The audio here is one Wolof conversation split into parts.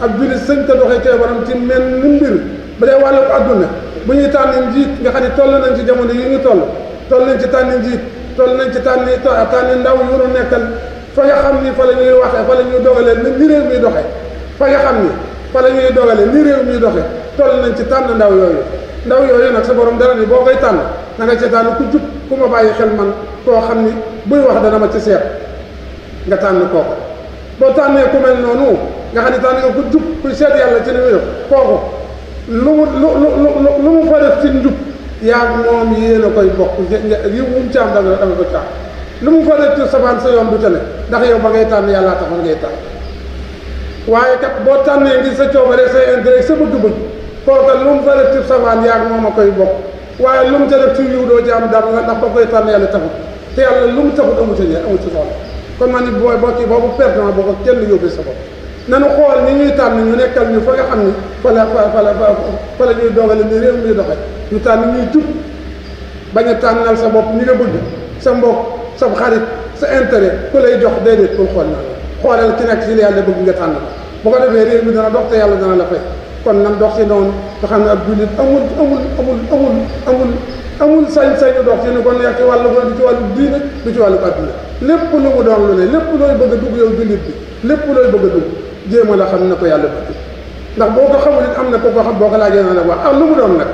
ab jullit sëñ te doxee ceebaram ci mel ni mbir bu dee wàllu adduna bu ñuy tànn njiit nga xam ne toll nañ ci jamono yi ñu toll toll nañ ci tànn njiit toll nañ ci tànn tànn ndaw yu nu nekkal fa nga xam ni fa la ñuy waxee fa la ñuy dogalee ni réew fa nga xam ni fa la ñuy dogalee ni réew miy doxee toll nañ ci tànn ndaw yooyu ndaw yooyu nag sa boroom dara ni boo koy tànn na nga ci tànn ku jub ku ma bàyyi xel man koo xam ni buy wax dana ma ci seet nga tànn kooku boo tànnee ku mel noonu nga xam ne tànn nga ku jub ku seet yàlla ci li muy def kooku lu mu lu lu lu mu fa def njub yaa moom yéen a koy bokk yi mu ci am da nga nga ko caax lu mu fa def ci sa yoon du ca ne ndax yow ba ngay tànn yàllaa taxoon ngay tànn boo tànnee ngir sa coobare sa intérêt sa bëgg mu fa def ci safaan yaa moom a koy bokk waaye lu mu ca def ci yiw doo ci am dara koy tànn yàlla taxut te yàlla lu mu taxut amu ca njëriñ amu ci soxla kon man nit booy boo ci boobu perdant boo ko kenn yóbbee sa bopp nanu xool ni ñuy tànn ñu nekkal ñu fa nga xam ne fa la fa la fa la ñuy dogale ni réew mi doxe ñu tànn ñuy jub ba a tànnal sa bopp ni nga bëgg sa mbokk sa xarit sa intere ku lay jox déedéet pour xool naa xoolal ci nekk si yàlla bëgg nga tànn bu ko defee réew mi dana dox te yàlla dana la fay kon nam dox ci noonu nga xam ne ab jullit amul amul amul amul amul amul sañ-sañu dox ci ni kon nekk ci wàllu ci wàllu diine du lépp lu mu doon lu ne lépp looy bëgg a dugg yow jullit bi lépp looy bëgg a dugg jéem la xam na ko yàlla bëgg ndax boo ko xamul it am na ko ko xam boo ko laajee na la wax ah lu mu doon nag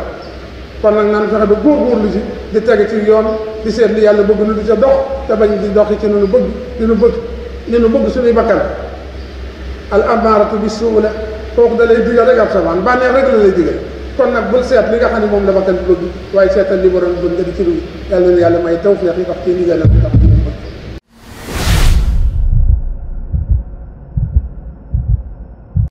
kon nag naan fexe ba góorgóorlu ci di teg ci yoon di seet li yàlla bëgg nu di ca dox te bañ di dox ci nu bëgg li nu bëgg li nu bëgg suñuy bakkan al amaaratu bi suu la kooku da lay digal rek ab sabaan bànneex rek la lay digal kon nag bul seet li nga xam ne moom la bakkan bi bëgg waaye seetal li waroon bëgg nga di ci lu yàlla na yàlla may tawfiq yi tax